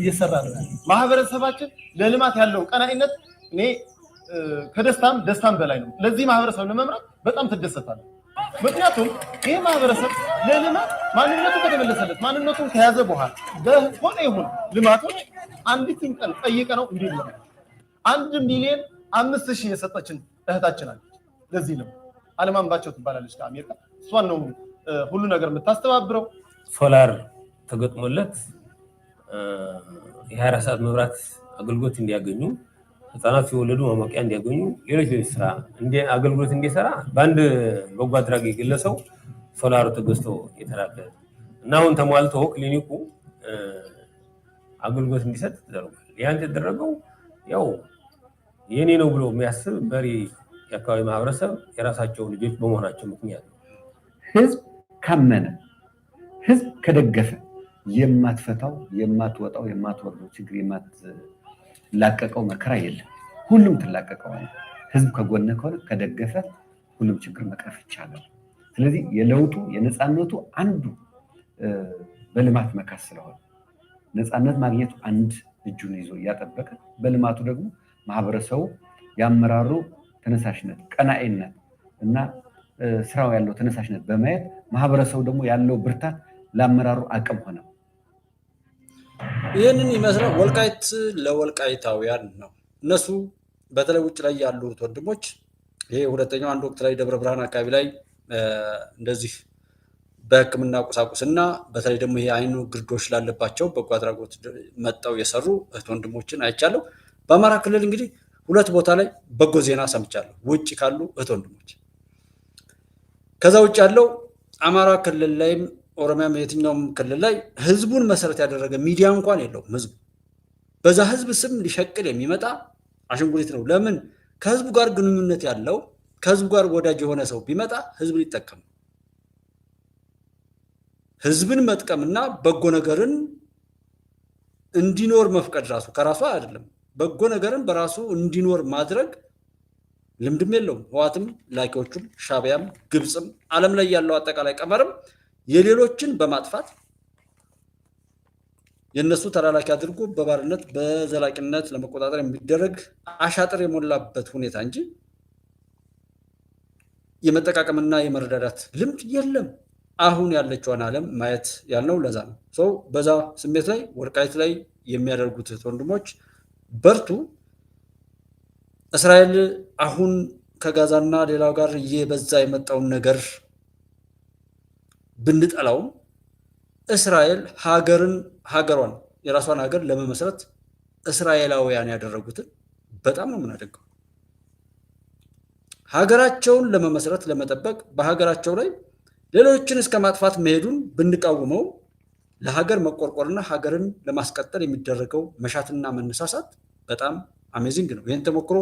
እየሰራ ነው። ማህበረሰባችን ለልማት ያለው ቀናይነት እኔ ከደስታም ደስታም በላይ ነው። ለዚህ ማህበረሰብ ለመምራት በጣም ትደሰታለህ። ምክንያቱም ይህ ማህበረሰብ ለልማት ማንነቱ ከተመለሰለት ማንነቱን ከያዘ በኋላ በሆነ ይሁን ልማቶች አንዲትን ቀን ጠይቀ ነው እንዲ አንድ ሚሊዮን አምስት ሺህ የሰጠችን እህታችን አለች። ለዚህ ልም አለማንባቸው ትባላለች ከአሜሪካ እሷን ነው ሁሉ ነገር የምታስተባብረው ሶላር ተገጥሞለት የሀያ ሰዓት መብራት አገልግሎት እንዲያገኙ፣ ህፃናት ሲወለዱ ማሞቂያ እንዲያገኙ፣ ሌሎች ሌሎች ስራ አገልግሎት እንዲሰራ በአንድ በጎ አድራጊ ግለሰው ሶላሩ ተገዝቶ የተላከ እና አሁን ተሟልቶ ክሊኒኩ አገልግሎት እንዲሰጥ ተደርጓል። ያን የተደረገው ያው የኔ ነው ብሎ የሚያስብ በሪ የአካባቢ ማህበረሰብ የራሳቸው ልጆች በመሆናቸው ምክንያት ነው። ህዝብ ካመነ፣ ህዝብ ከደገፈ የማትፈታው የማትወጣው የማትወርደው ችግር የማትላቀቀው መከራ የለም። ሁሉም ትላቀቀዋል። ህዝብ ከጎነ ከሆነ ከደገፈ ሁሉም ችግር መቅረፍ ይቻላል። ስለዚህ የለውጡ የነፃነቱ አንዱ በልማት መካስ ስለሆነ ነፃነት ማግኘቱ አንድ እጁን ይዞ እያጠበቀ በልማቱ ደግሞ ማህበረሰቡ የአመራሩ ተነሳሽነት ቀናኤነት እና ስራው ያለው ተነሳሽነት በማየት ማህበረሰቡ ደግሞ ያለው ብርታት ለአመራሩ አቅም ሆነ። ይህንን ይመስላል። ወልቃይት ለወልቃይታውያን ነው። እነሱ በተለይ ውጭ ላይ ያሉት ወንድሞች ይሄ ሁለተኛው አንድ ወቅት ላይ ደብረ ብርሃን አካባቢ ላይ እንደዚህ በሕክምና ቁሳቁስ እና በተለይ ደግሞ ይሄ አይኑ ግርዶች ላለባቸው በጎ አድራጎት መጠው የሰሩ እህት ወንድሞችን አይቻለሁ። በአማራ ክልል እንግዲህ ሁለት ቦታ ላይ በጎ ዜና ሰምቻለሁ፣ ውጭ ካሉ እህት ወንድሞች። ከዛ ውጭ ያለው አማራ ክልል ላይም ኦሮሚያም የትኛውም ክልል ላይ ህዝቡን መሰረት ያደረገ ሚዲያ እንኳን የለውም። ህዝቡ በዛ ህዝብ ስም ሊሸቅል የሚመጣ አሽንጉሊት ነው። ለምን ከህዝቡ ጋር ግንኙነት ያለው ከህዝቡ ጋር ወዳጅ የሆነ ሰው ቢመጣ ህዝብ ሊጠቀም ህዝብን መጥቀምና በጎ ነገርን እንዲኖር መፍቀድ ራሱ ከራሱ አይደለም። በጎ ነገርን በራሱ እንዲኖር ማድረግ ልምድም የለውም። ህዋትም ላኪዎቹም፣ ሻቢያም፣ ግብፅም አለም ላይ ያለው አጠቃላይ ቀመርም የሌሎችን በማጥፋት የእነሱ ተላላኪ አድርጎ በባርነት በዘላቂነት ለመቆጣጠር የሚደረግ አሻጥር የሞላበት ሁኔታ እንጂ የመጠቃቀምና የመረዳዳት ልምድ የለም። አሁን ያለችዋን ዓለም ማየት ያልነው ለዛ ነው። ሰው በዛ ስሜት ላይ ወልቃይት ላይ የሚያደርጉት ወንድሞች በርቱ። እስራኤል አሁን ከጋዛና ሌላው ጋር እየበዛ የመጣውን ነገር ብንጠላውም እስራኤል ሀገርን ሀገሯን የራሷን ሀገር ለመመስረት እስራኤላውያን ያደረጉትን በጣም ነው የምናደንቀው። ሀገራቸውን ለመመስረት ለመጠበቅ በሀገራቸው ላይ ሌሎችን እስከ ማጥፋት መሄዱን ብንቃወመው ለሀገር መቆርቆርና ሀገርን ለማስቀጠል የሚደረገው መሻትና መነሳሳት በጣም አሜዚንግ ነው። ይህን ተሞክሮ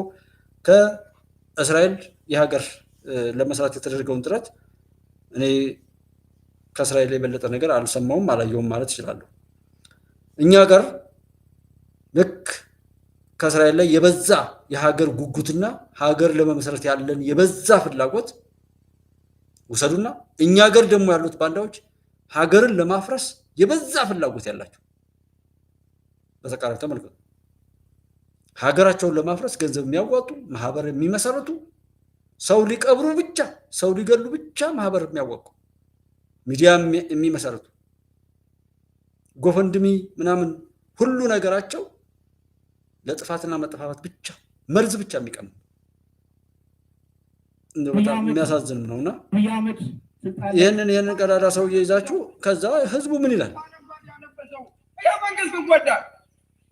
ከእስራኤል የሀገር ለመስራት የተደረገውን ጥረት እኔ ከእስራኤል የበለጠ ነገር አልሰማውም አላየውም ማለት ይችላሉ። እኛ ጋር ልክ ከእስራኤል ላይ የበዛ የሀገር ጉጉትና ሀገር ለመመስረት ያለን የበዛ ፍላጎት ውሰዱና እኛ ገር ደግሞ ያሉት ባንዳዎች ሀገርን ለማፍረስ የበዛ ፍላጎት ያላቸው በተቃራኒ ተመልከቱ። ሀገራቸውን ለማፍረስ ገንዘብ የሚያዋጡ ማህበር የሚመሰርቱ ሰው ሊቀብሩ ብቻ ሰው ሊገሉ ብቻ ማህበር የሚያዋቁ ሚዲያ የሚመሰርቱ ጎፈንድሚ ምናምን ሁሉ ነገራቸው ለጥፋትና መጠፋፋት ብቻ መርዝ ብቻ የሚቀሙ በጣም የሚያሳዝንም ነውና ይህንን ይህንን ቀዳዳ ሰው እየይዛችሁ ከዛ ህዝቡ ምን ይላል?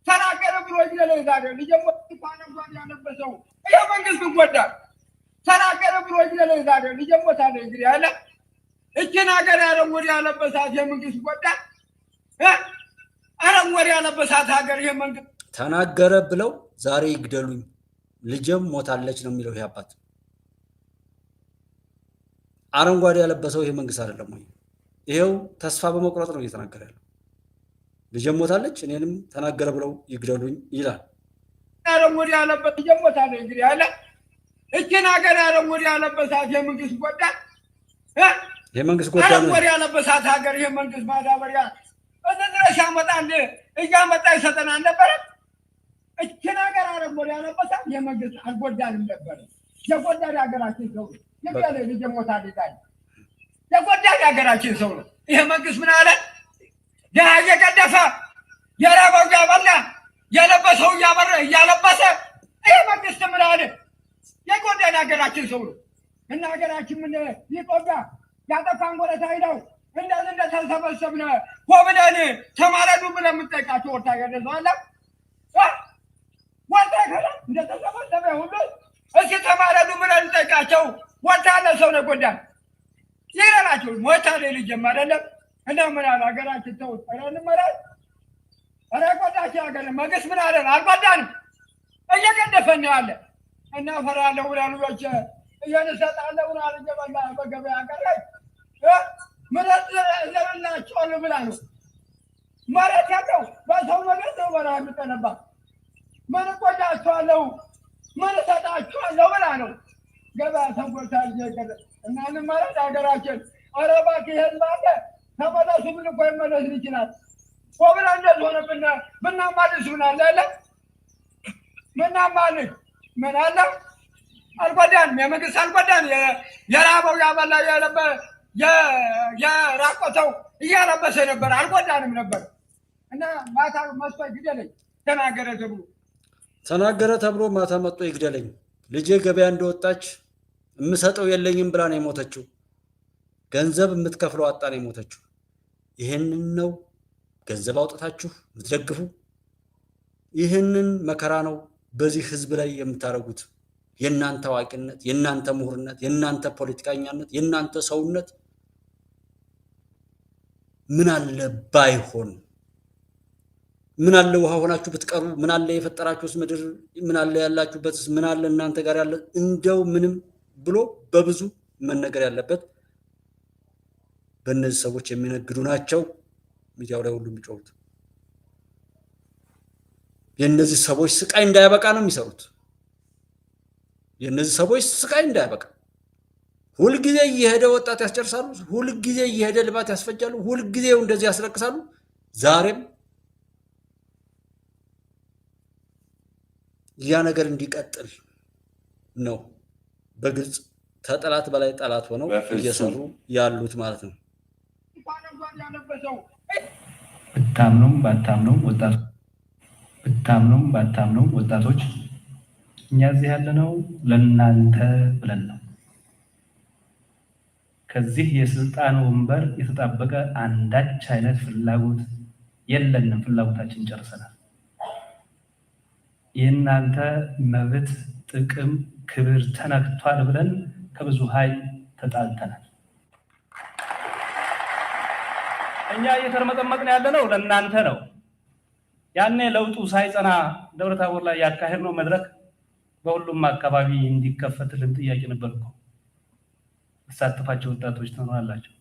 ተናገረ ብሎ ይለለዛለ ልጀሞታነጓድ ያለበሰው ይሄ መንግስት ይጎዳል። ተናገረ ብሎ ይለለዛለ ልጀሞታለ እንግዲህ አለ እችን ሀገር አረንጓዴ ያለበሳት የመንግስት ጎዳ አረንጓዴ ያለበሳት ሀገር ይሄ መንግስት ተናገረ ብለው ዛሬ ይግደሉኝ ልጅም ሞታለች ነው የሚለው ይሄ አባት። አረንጓዴ ያለበሰው ይሄ መንግስት አይደለም ወይ? ይሄው ተስፋ በመቁረጥ ነው እየተናገረ ያለው። ልጅም ሞታለች እኔንም ተናገረ ብለው ይግደሉኝ ይላል። አረንጓዴ ያለበት ልጄም ሞታለች እንግዲህ አለ። እችን ሀገር አረንጓዴ ያለበሳት የመንግስት ጎዳ የመንግስት ጎዳ ወሪያ ለበሳት ሀገር ይሄ መንግስት ማዳበሪያ እዚህ ድረስ ያመጣ እንደ እያመጣ ይሰጠን አልነበረም? እችን ሀገር አረብ ወሪያ ለበሳት የመንግስት አልጎዳንም ነበረ። የጎዳን ሀገራችን ሰው ነው። የቢያለ ልጅ ሞታ ሊጣል የጎዳን ሀገራችን ሰው ነው። ይሄ መንግስት ምን አለ? ደሃ እየቀደፈ የራበው እያበላ የለበሰው እያበረ እያለበሰ ይሄ መንግስት ምን አለ? የጎዳን ሀገራችን ሰው ነው እና ሀገራችን ምን ይቆዳ ያጠፋን ጎረታዊ ነው። እንደዚህ እንደተሰበሰብን ኮብለን ተማረዱ ብለን የምጠይቃቸው ወርታ ገደዘዋለ ወርታ ገለ እንደተሰበሰበ ሁሉ እስኪ ተማረዱ ብለን እንጠይቃቸው። ወርታ ያለ ሰው ነው ጎዳን ይረላቸው ሞታ ላይ ልጅም አይደለም እና ምን አለ ሀገራችን ተውት እንመራል ኧረ ጎዳችን ሀገር መግስ ምን አለን አልጎዳንም እየገደፈን ነው ያለ እና ፈራለሁ ብላሉ እየንሰጣለሁ ብላ ገበያ ቀረች መሬት ለምናቸዋለሁ ብላ መሬት ያለው በሰው መሬት ነው በላ የምጠነባ ምን እቆጫቸዋለሁ ምን እሰጣቸዋለሁ ብላ ነው። ገበያ ተጎታ ይገደ እናን መሬት ሀገራችን ኧረ ይሄን ባለ ተመለሱ። ምን እኮ ይመለስ ይችላል ኮብላ እንደት ሆነ ብና ብናማልስ ምን አለ ያለ ብናማልስ ምን አለ አልጎዳንም። የመንግስት አልጎዳንም። የራበው ያበላ ያለበ የራቆተው እያለበሰ ነበር፣ አልጎዳንም ነበር። እና ማታ መጥቶ ይግደለኝ ተናገረ ተብሎ ተናገረ ተብሎ ማታ መጥቶ ይግደለኝ። ልጄ ገበያ እንደወጣች የምሰጠው የለኝም ብላ ነው የሞተችው። ገንዘብ የምትከፍለው አጣ ነው የሞተችው። ይህንን ነው ገንዘብ አውጥታችሁ የምትደግፉ። ይህንን መከራ ነው በዚህ ህዝብ ላይ የምታደርጉት። የእናንተ አዋቂነት፣ የእናንተ ምሁርነት፣ የእናንተ ፖለቲከኛነት፣ የእናንተ ሰውነት ምን አለ ባይሆን ምን አለ ውሃ ሆናችሁ ብትቀሩ፣ ምን አለ የፈጠራችሁስ ምድር፣ ምን አለ ያላችሁበትስ፣ ምን አለ እናንተ ጋር ያለ እንደው ምንም ብሎ በብዙ መነገር ያለበት በእነዚህ ሰዎች የሚነግዱ ናቸው። ሚዲያው ላይ ሁሉ የሚጮሁት የእነዚህ ሰዎች ስቃይ እንዳያበቃ ነው የሚሰሩት። የእነዚህ ሰዎች ስቃይ እንዳያበቃ ሁልጊዜ እየሄደ ወጣት ያስጨርሳሉ። ሁልጊዜ እየሄደ ልማት ያስፈጃሉ። ሁልጊዜ እንደዚህ ያስለቅሳሉ። ዛሬም ያ ነገር እንዲቀጥል ነው በግልጽ ከጠላት በላይ ጠላት ሆነው እየሰሩ ያሉት ማለት ነው። ብታምኑም ባታምኑም ብታምኑም ባታምኑም ወጣቶች እኛ እዚህ ያለነው ለእናንተ ብለን ነው ከዚህ የስልጣን ወንበር የተጣበቀ አንዳች አይነት ፍላጎት የለንም። ፍላጎታችን ጨርሰናል። የእናንተ መብት፣ ጥቅም፣ ክብር ተነክቷል ብለን ከብዙ ኃይል ተጣልተናል። እኛ እየተርመጠመቅን ያለ ነው ለእናንተ ነው። ያኔ ለውጡ ሳይጸና ደብረ ታቦር ላይ ያካሄድ ነው መድረክ በሁሉም አካባቢ እንዲከፈትልን ጥያቄ ነበር እኮ የምሳተፋቸው ወጣቶች ትኖራላቸው።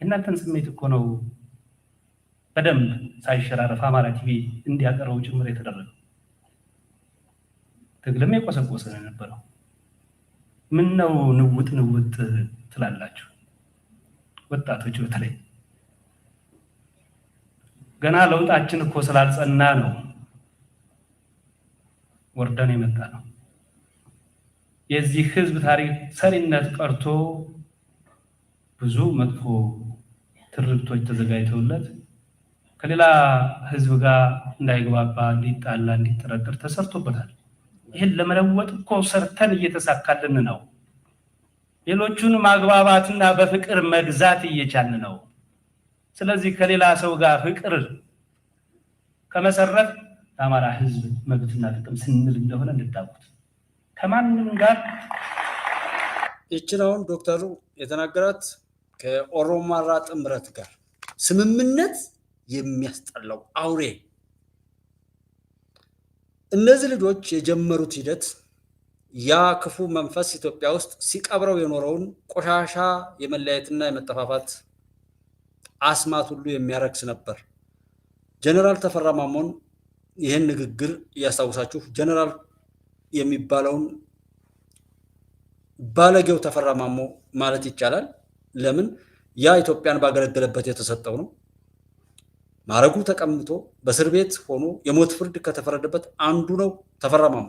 የእናንተን ስሜት እኮ ነው በደንብ ሳይሸራረፍ አማራ ቲቪ እንዲያቀርበው ጭምር የተደረገው። ትግልም የቆሰቆሰ ነው የነበረው። ምን ነው ንውጥ ንውጥ ትላላችሁ ወጣቶች በተለይ ገና ለውጣችን እኮ ስላልጸና ነው ወርደን የመጣ ነው። የዚህ ህዝብ ታሪክ ሰሪነት ቀርቶ ብዙ መጥፎ ትርክቶች ተዘጋጅተውለት ከሌላ ህዝብ ጋር እንዳይግባባ፣ እንዲጣላ፣ እንዲጠረጠር ተሰርቶበታል። ይህን ለመለወጥ እኮ ሰርተን እየተሳካልን ነው። ሌሎቹን ማግባባትና በፍቅር መግዛት እየቻልን ነው። ስለዚህ ከሌላ ሰው ጋር ፍቅር ከመሰረት ለአማራ ህዝብ መብትና ጥቅም ስንል እንደሆነ እንድታውቁት ከማንም ጋር ይችን ዶክተሩ የተናገራት ከኦሮማራ ጥምረት ጋር ስምምነት የሚያስጠላው አውሬ እነዚህ ልጆች የጀመሩት ሂደት ያ ክፉ መንፈስ ኢትዮጵያ ውስጥ ሲቀብረው የኖረውን ቆሻሻ የመለያየትና የመጠፋፋት አስማት ሁሉ የሚያረክስ ነበር። ጀነራል ተፈራ ማሞን ይህን ንግግር እያስታውሳችሁ ጀነራል የሚባለውን ባለጌው ተፈራ ማሞ ማለት ይቻላል። ለምን ያ ኢትዮጵያን ባገለገለበት የተሰጠው ነው። ማረጉ ተቀምጦ በእስር ቤት ሆኖ የሞት ፍርድ ከተፈረደበት አንዱ ነው ተፈራ ማሞ።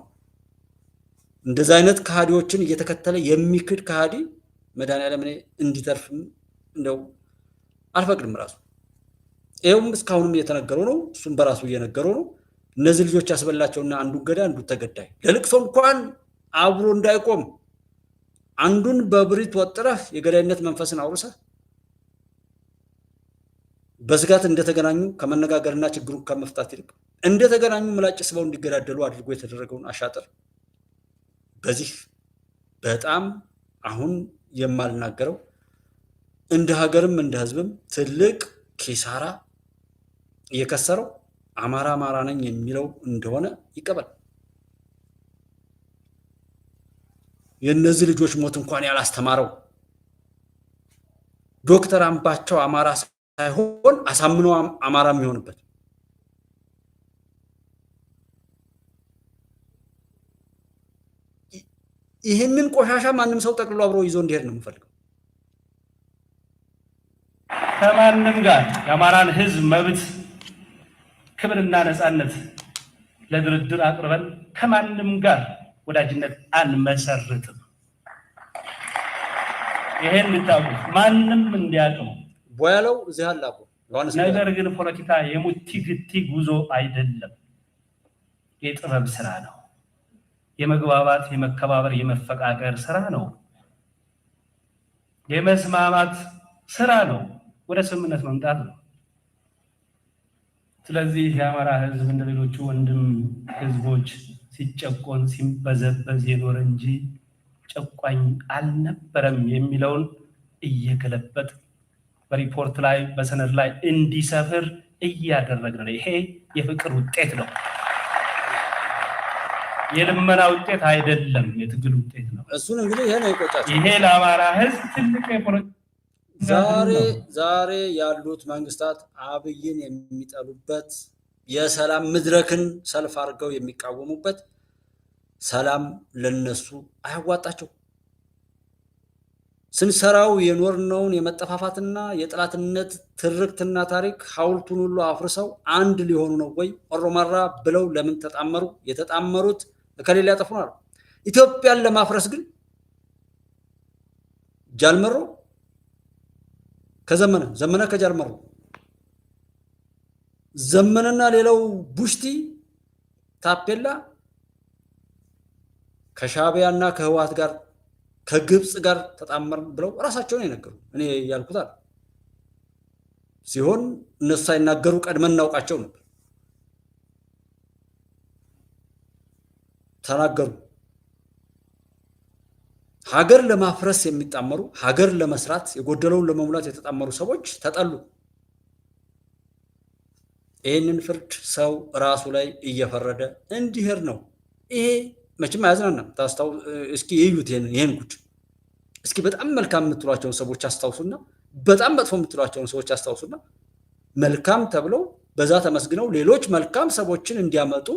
እንደዚህ አይነት ከሃዲዎችን እየተከተለ የሚክድ ከሃዲ መድኃኒዓለም እኔ እንዲተርፍም እንደው አልፈቅድም። ራሱ ይኸውም እስካሁንም እየተነገረው ነው፣ እሱም በራሱ እየነገረው ነው። እነዚህ ልጆች ያስበላቸውና አንዱ ገዳይ አንዱ ተገዳይ ለልቅሶ እንኳን አብሮ እንዳይቆም አንዱን በብሪት ወጥረህ የገዳይነት መንፈስን አውርሰህ በስጋት እንደተገናኙ ከመነጋገርና ችግሩን ከመፍታት ይልቅ እንደተገናኙ ምላጭ ስበው እንዲገዳደሉ አድርጎ የተደረገውን አሻጥር በዚህ በጣም አሁን የማልናገረው እንደ ሀገርም እንደ ሕዝብም ትልቅ ኪሳራ እየከሰረው አማራ አማራ ነኝ የሚለው እንደሆነ ይቀበል። የእነዚህ ልጆች ሞት እንኳን ያላስተማረው ዶክተር አምባቸው አማራ ሳይሆን አሳምነው አማራ የሚሆንበት ይህንን ቆሻሻ ማንም ሰው ጠቅልሎ አብሮ ይዞ እንዲሄድ ነው የምፈልገው። ከማንም ጋር የአማራን ሕዝብ መብት ክብርና ነፃነት ለድርድር አቅርበን ከማንም ጋር ወዳጅነት አንመሰርትም። ይሄን ልታቁ ማንም እንዲያውቀው ቦያለው እዚህ አለ ነገር ግን ፖለቲካ የሙቲ ግቲ ጉዞ አይደለም፣ የጥበብ ስራ ነው። የመግባባት፣ የመከባበር፣ የመፈቃቀር ስራ ነው። የመስማማት ስራ ነው። ወደ ስምምነት መምጣት ነው። ስለዚህ የአማራ ህዝብ እንደ ሌሎቹ ወንድም ህዝቦች ሲጨቆን ሲበዘበዝ የኖረ እንጂ ጨቋኝ አልነበረም የሚለውን እየገለበጥ በሪፖርት ላይ በሰነድ ላይ እንዲሰፍር እያደረግን ነው። ይሄ የፍቅር ውጤት ነው፣ የልመና ውጤት አይደለም፣ የትግል ውጤት ነው። እሱን እንግዲህ ይሄ ለአማራ ህዝብ ትልቅ ዛሬ ዛሬ ያሉት መንግስታት አብይን የሚጠሉበት የሰላም መድረክን ሰልፍ አድርገው የሚቃወሙበት ሰላም ለነሱ አያዋጣቸው። ስንሰራው የኖርነውን የመጠፋፋትና የጥላትነት ትርክትና ታሪክ ሐውልቱን ሁሉ አፍርሰው አንድ ሊሆኑ ነው ወይ? ኦሮማራ ብለው ለምን ተጣመሩ? የተጣመሩት ከሌላ ያጠፉናል። ኢትዮጵያን ለማፍረስ ግን ጃልመሮ ከዘመነ ዘመነ ከጀርመሩ ዘመነና ሌላው ቡሽቲ ታፔላ ከሻቢያና ከህወሓት ጋር ከግብፅ ጋር ተጣመር ብለው እራሳቸውን የነገሩ እኔ ያልኩታል ሲሆን እነሱ ሳይናገሩ ቀድመን እናውቃቸው ነበር ተናገሩ። ሀገር ለማፍረስ የሚጣመሩ ሀገር ለመስራት የጎደለውን ለመሙላት የተጣመሩ ሰዎች ተጠሉ። ይህንን ፍርድ ሰው ራሱ ላይ እየፈረደ እንዲሄድ ነው። ይሄ መቼም አያዝናናም። ታስታው እስኪ ይዩት ይህን ጉድ። እስኪ በጣም መልካም የምትሏቸውን ሰዎች አስታውሱና፣ በጣም መጥፎ የምትሏቸውን ሰዎች አስታውሱና፣ መልካም ተብለው በዛ ተመስግነው ሌሎች መልካም ሰዎችን እንዲያመጡ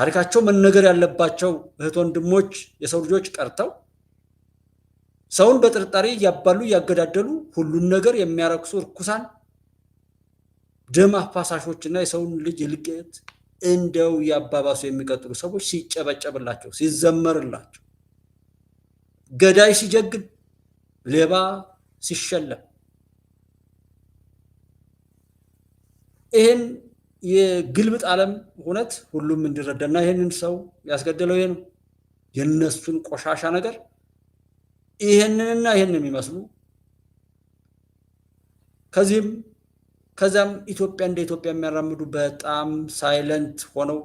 ታሪካቸው መነገር ያለባቸው እህት ወንድሞች፣ የሰው ልጆች ቀርተው ሰውን በጥርጣሬ እያባሉ እያገዳደሉ ሁሉን ነገር የሚያረክሱ እርኩሳን ደም አፋሳሾች እና የሰውን ልጅ እልቂት እንደው ያባባሱ የሚቀጥሉ ሰዎች ሲጨበጨብላቸው፣ ሲዘመርላቸው፣ ገዳይ ሲጀግን፣ ሌባ ሲሸለም ይህን የግልብጥ ዓለም እውነት ሁሉም እንዲረዳና ይህንን ሰው ያስገደለው ይሄ ነው። የእነሱን ቆሻሻ ነገር ይህንንና ይህንን የሚመስሉ ከዚህም ከዚያም ኢትዮጵያ እንደ ኢትዮጵያ የሚያራምዱ በጣም ሳይለንት ሆነው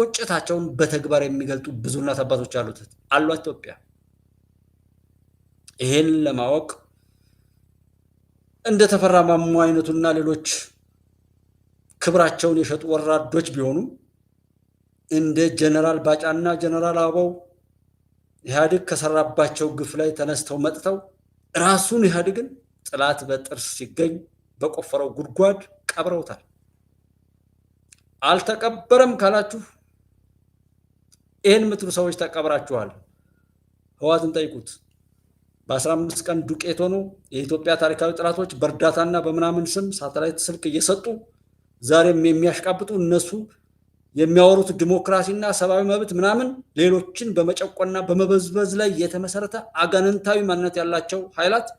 ቁጭታቸውን በተግባር የሚገልጡ ብዙ እናት አባቶች አሉት አሏት ኢትዮጵያ። ይህን ለማወቅ እንደ ተፈራ ማሙ አይነቱና ሌሎች ክብራቸውን የሸጡ ወራዶች ቢሆኑም እንደ ጀነራል ባጫና ጀነራል አበባው ኢህአዴግ ከሰራባቸው ግፍ ላይ ተነስተው መጥተው ራሱን ኢህአዴግን ጥላት በጥርስ ሲገኝ በቆፈረው ጉድጓድ ቀብረውታል። አልተቀበረም ካላችሁ ይህን ምትሉ ሰዎች ተቀብራችኋል። ህዋትን ጠይቁት። በ15 ቀን ዱቄት ሆኖ የኢትዮጵያ ታሪካዊ ጥላቶች በእርዳታና በምናምን ስም ሳተላይት ስልክ እየሰጡ ዛሬም የሚያሽቃብጡ እነሱ የሚያወሩት ዲሞክራሲና ሰብአዊ መብት ምናምን ሌሎችን በመጨቆና በመበዝበዝ ላይ የተመሰረተ አጋንንታዊ ማንነት ያላቸው ኃይላት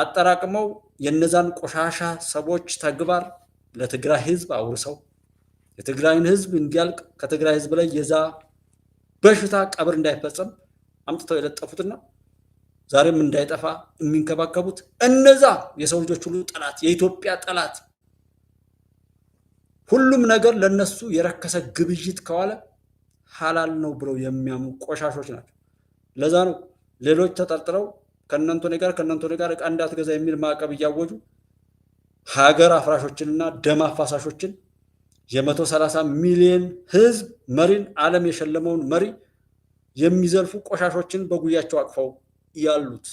አጠራቅመው የነዛን ቆሻሻ ሰዎች ተግባር ለትግራይ ህዝብ አውርሰው የትግራይን ህዝብ እንዲያልቅ ከትግራይ ህዝብ ላይ የዛ በሽታ ቀብር እንዳይፈጸም አምጥተው የለጠፉትና ዛሬም እንዳይጠፋ የሚንከባከቡት እነዛ የሰው ልጆች ሁሉ ጠላት የኢትዮጵያ ጠላት ሁሉም ነገር ለነሱ የረከሰ ግብይት ከዋለ ሀላል ነው ብለው የሚያሙ ቆሻሾች ናቸው። ለዛ ነው ሌሎች ተጠርጥረው ከእነንቶኔ ጋር ከእነንቶኔ ጋር እቃ እንዳትገዛ የሚል ማዕቀብ እያወጁ ሀገር አፍራሾችንና ደም አፋሳሾችን የመቶ ሰላሳ ሚሊዮን ህዝብ መሪን ዓለም የሸለመውን መሪ የሚዘልፉ ቆሻሾችን በጉያቸው አቅፈው ያሉት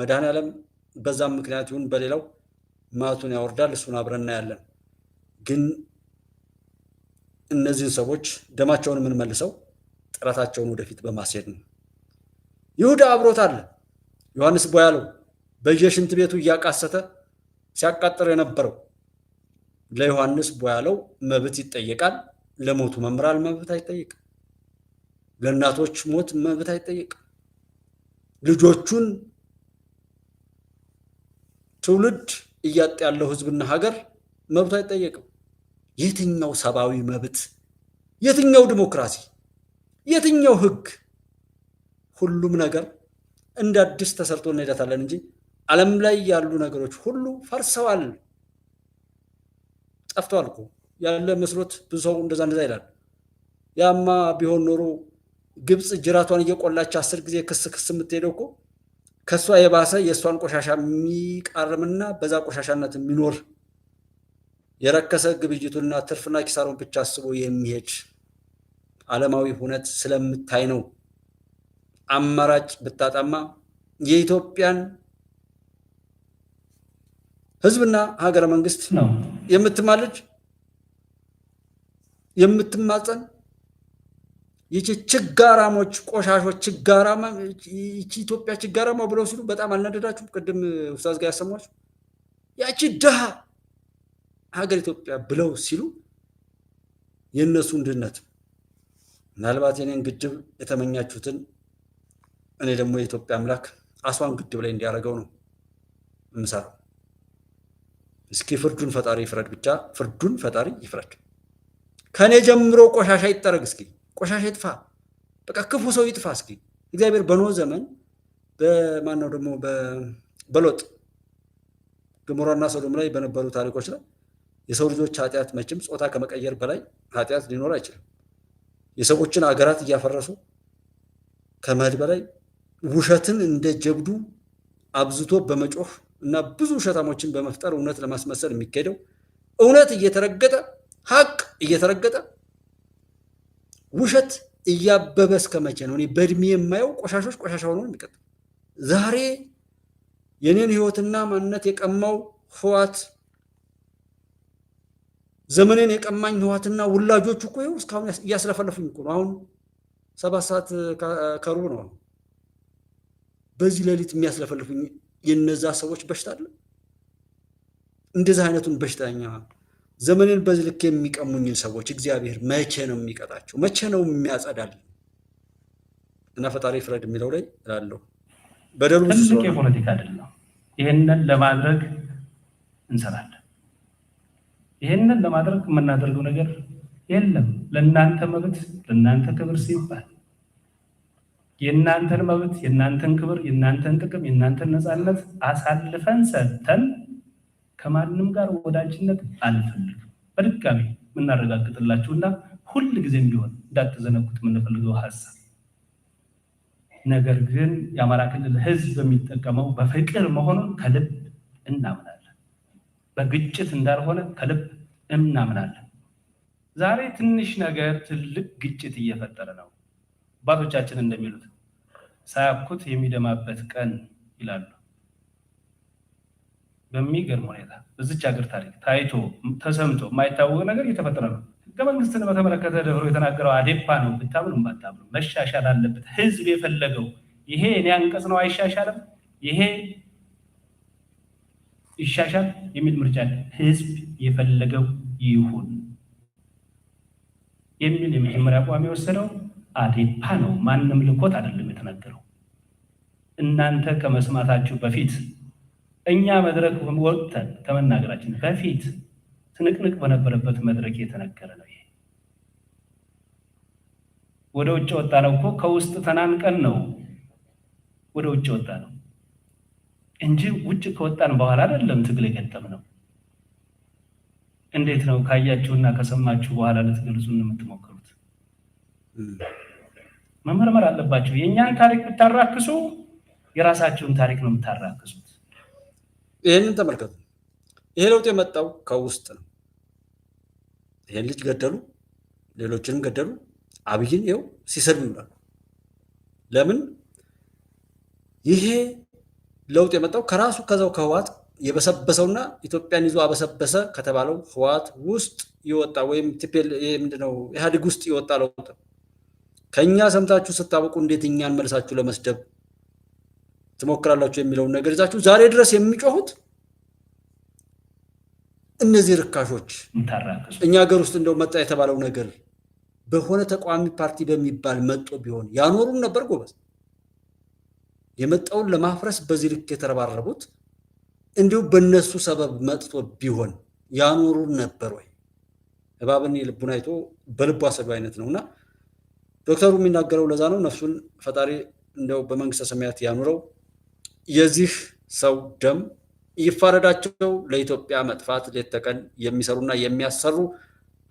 መድኃኔዓለም በዛም ምክንያት ይሁን በሌላው ማቱን ያወርዳል። እሱን አብረን እናያለን። ግን እነዚህን ሰዎች ደማቸውን የምንመልሰው ጥረታቸውን ወደፊት በማስሄድ ነው። ይሁዳ አብሮት አለ። ዮሐንስ ቦያለው በየሽንት ቤቱ እያቃሰተ ሲያቃጥር የነበረው ለዮሐንስ ቦያለው መብት ይጠየቃል። ለሞቱ መምህራን መብት አይጠየቅም። ለእናቶች ሞት መብት አይጠየቅም። ልጆቹን ትውልድ እያጣ ያለው ህዝብና ሀገር መብት አይጠየቅም። የትኛው ሰብአዊ መብት፣ የትኛው ዲሞክራሲ፣ የትኛው ህግ? ሁሉም ነገር እንደ አዲስ ተሰርቶ እንሄዳታለን እንጂ ዓለም ላይ ያሉ ነገሮች ሁሉ ፈርሰዋል፣ ጠፍተዋል እኮ ያለ መስሎት ብዙ ሰው እንደዛ እንደዛ ይላል። ያማ ቢሆን ኖሮ ግብፅ ጅራቷን እየቆላች አስር ጊዜ ክስ ክስ የምትሄደው እኮ ከእሷ የባሰ የእሷን ቆሻሻ የሚቃርምና በዛ ቆሻሻነት የሚኖር የረከሰ ግብይቱንና ትርፍና ኪሳሩን ብቻ አስቦ የሚሄድ ዓለማዊ ሁነት ስለምታይ ነው። አማራጭ ብታጣማ የኢትዮጵያን ሕዝብና ሀገረ መንግስት የምትማልጅ የምትማጸን ይቺ ችጋራሞች ቆሻሾች ችጋራማ ይቺ ኢትዮጵያ ችጋራማ ብለው ሲሉ በጣም አልነደዳችሁም? ቅድም ውስታዝ ጋር ያሰማችሁ ያቺ ድሃ ሀገር ኢትዮጵያ ብለው ሲሉ የእነሱ እንድነት ምናልባት የኔን ግድብ የተመኛችሁትን እኔ ደግሞ የኢትዮጵያ አምላክ አስዋን ግድብ ላይ እንዲያደርገው ነው የምሰራው። እስኪ ፍርዱን ፈጣሪ ይፍረድ፣ ብቻ ፍርዱን ፈጣሪ ይፍረድ። ከእኔ ጀምሮ ቆሻሻ ይጠረግ፣ እስኪ ቆሻሻ ይጥፋ፣ በቃ ክፉ ሰው ይጥፋ። እስኪ እግዚአብሔር በኖ ዘመን በማነው ደግሞ በሎጥ ግሞራና ሰዶም ላይ በነበሩ ታሪኮች ላይ የሰው ልጆች ኃጢአት መቼም ጾታ ከመቀየር በላይ ኃጢአት ሊኖር አይችልም። የሰዎችን አገራት እያፈረሱ ከመሄድ በላይ ውሸትን እንደ ጀብዱ አብዝቶ በመጮህ እና ብዙ ውሸታሞችን በመፍጠር እውነት ለማስመሰል የሚካሄደው እውነት እየተረገጠ ሀቅ እየተረገጠ ውሸት እያበበ እስከ መቼ ነው? እኔ በእድሜ የማየው ቆሻሾች ቆሻሻ ሆኖ የሚቀጥል ዛሬ የኔን ህይወትና ማንነት የቀማው ህዋት ዘመኔን የቀማኝ ህዋትና ውላጆች እኮ ይኸው እስካሁን እያስለፈለፉኝ እኮ ነው። አሁን ሰባት ሰዓት ከሩብ ነው። በዚህ ሌሊት የሚያስለፈልፉኝ የነዛ ሰዎች በሽታ አለ። እንደዚህ አይነቱን በሽታኛ ዘመኔን በዚህ ልክ የሚቀሙኝን ሰዎች እግዚአብሔር መቼ ነው የሚቀጣቸው? መቼ ነው የሚያጸዳል? እና ፈጣሪ ፍረድ የሚለው ላይ እላለሁ። በደሉ ትልቅ የፖለቲካ አይደለም። ይህንን ለማድረግ እንሰራለን። ይህንን ለማድረግ የምናደርገው ነገር የለም። ለእናንተ መብት፣ ለእናንተ ክብር ሲባል የእናንተን መብት፣ የእናንተን ክብር፣ የእናንተን ጥቅም፣ የእናንተን ነፃነት አሳልፈን ሰጥተን ከማንም ጋር ወዳጅነት አልፈልግም። በድጋሚ የምናረጋግጥላችሁና ሁል ጊዜም ቢሆን እንዳትዘነጉት የምንፈልገው ሀሳብ ነገር ግን የአማራ ክልል ሕዝብ የሚጠቀመው በፍቅር መሆኑን ከልብ እናምናለን። በግጭት እንዳልሆነ ከልብ እናምናለን። ዛሬ ትንሽ ነገር ትልቅ ግጭት እየፈጠረ ነው። አባቶቻችን እንደሚሉት ሳያኩት የሚደማበት ቀን ይላሉ። በሚገርም ሁኔታ በዚች ሀገር ታሪክ ታይቶ ተሰምቶ የማይታወቅ ነገር እየተፈጠረ ነው። ህገ መንግስትን በተመለከተ ደፍሮ የተናገረው አዴፓ ነው። ብታምኑ ባታምኑ መሻሻል አለበት። ህዝብ የፈለገው ይሄ እኔ አንቀጽ ነው አይሻሻልም። ይሄ ይሻሻል የሚል ምርጫ አለ። ህዝብ የፈለገው ይሁን የሚል የመጀመሪያ አቋም የወሰደው አዴፓ ነው። ማንም ልኮት አይደለም የተናገረው። እናንተ ከመስማታችሁ በፊት እኛ መድረክ ወጥተን ከመናገራችን በፊት ትንቅንቅ በነበረበት መድረክ የተነገረ ነው። ይሄ ወደ ውጭ ወጣ ነው እኮ ከውስጥ ተናንቀን ነው ወደ ውጭ ወጣ ነው። እንጂ ውጭ ከወጣን በኋላ አይደለም ትግል የገጠም ነው። እንዴት ነው ካያችሁና ከሰማችሁ በኋላ ልትገልጹ የምትሞክሩት? መመርመር አለባችሁ። የእኛን ታሪክ ብታራክሱ የራሳችሁን ታሪክ ነው የምታራክሱት። ይህንን ተመልከቱ። ይሄ ለውጥ የመጣው ከውስጥ ነው። ይህን ልጅ ገደሉ፣ ሌሎችንም ገደሉ። አብይን ይኸው ሲሰድቡ ይውላሉ። ለምን ይሄ ለውጥ የመጣው ከራሱ ከዛው ከህዋት የበሰበሰውና ኢትዮጵያን ይዞ አበሰበሰ ከተባለው ህዋት ውስጥ ይወጣ ወይም ምንድነው ኢህአዴግ ውስጥ የወጣ ለውጥ ነው። ከእኛ ሰምታችሁ ስታወቁ እንዴት እኛን መልሳችሁ ለመስደብ ትሞክራላችሁ የሚለውን ነገር ይዛችሁ ዛሬ ድረስ የሚጮሁት እነዚህ ርካሾች እኛ ሀገር ውስጥ እንደው መጣ የተባለው ነገር በሆነ ተቃዋሚ ፓርቲ በሚባል መጦ ቢሆን ያኖሩን ነበር ጎበዝ። የመጣውን ለማፍረስ በዚህ ልክ የተረባረቡት እንዲሁም በእነሱ ሰበብ መጥቶ ቢሆን ያኖሩ ነበር ወይ? እባብን የልቡን አይቶ በልቡ አሰዱ አይነት እና ዶክተሩ የሚናገረው ለዛ ነው። ነፍሱን ፈጣሪ እንደው በመንግስተ ሰማያት ያኑረው። የዚህ ሰው ደም ይፋረዳቸው። ለኢትዮጵያ መጥፋት ሌት ተቀን የሚሰሩና የሚያሰሩ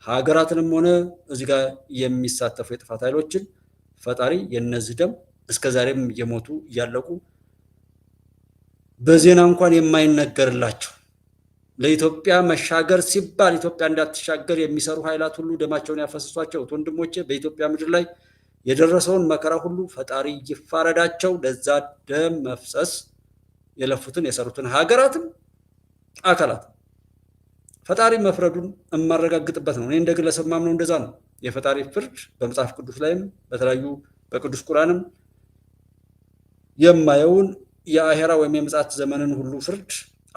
ሀገራትንም ሆነ እዚህ ጋር የሚሳተፉ የጥፋት ኃይሎችን ፈጣሪ የነዚህ ደም እስከ ዛሬም እየሞቱ እያለቁ በዜና እንኳን የማይነገርላቸው ለኢትዮጵያ መሻገር ሲባል ኢትዮጵያ እንዳትሻገር የሚሰሩ ኃይላት ሁሉ ደማቸውን ያፈሰሷቸው ወንድሞቼ በኢትዮጵያ ምድር ላይ የደረሰውን መከራ ሁሉ ፈጣሪ ይፋረዳቸው። ለዛ ደም መፍሰስ የለፉትን የሰሩትን ሀገራትም አካላት ፈጣሪ መፍረዱን የማረጋግጥበት ነው። እኔ እንደ ግለሰብ ማምነው እንደዛ ነው። የፈጣሪ ፍርድ በመጽሐፍ ቅዱስ ላይም በተለያዩ በቅዱስ ቁርአንም የማየውን የአሄራ ወይም የምጽአት ዘመንን ሁሉ ፍርድ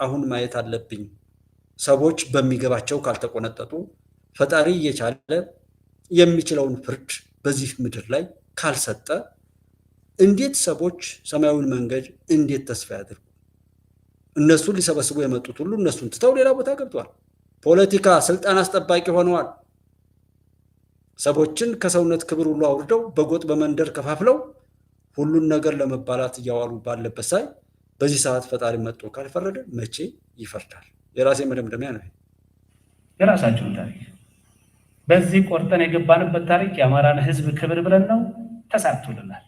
አሁን ማየት አለብኝ። ሰዎች በሚገባቸው ካልተቆነጠጡ ፈጣሪ እየቻለ የሚችለውን ፍርድ በዚህ ምድር ላይ ካልሰጠ እንዴት ሰዎች ሰማያዊን መንገድ እንዴት ተስፋ ያድርጉ? እነሱን ሊሰበስቡ የመጡት ሁሉ እነሱን ትተው ሌላ ቦታ ገብተዋል። ፖለቲካ ስልጣን አስጠባቂ ሆነዋል። ሰዎችን ከሰውነት ክብር ሁሉ አውርደው በጎጥ በመንደር ከፋፍለው ሁሉን ነገር ለመባላት እያዋሉ ባለበት ሳይ በዚህ ሰዓት ፈጣሪ መጥቶ ካልፈረደ መቼ ይፈርዳል? የራሴ መደምደሚያ ነው። የራሳችሁን ታሪክ በዚህ ቆርጠን የገባንበት ታሪክ የአማራን ሕዝብ ክብር ብለን ነው። ተሳክቶልናል።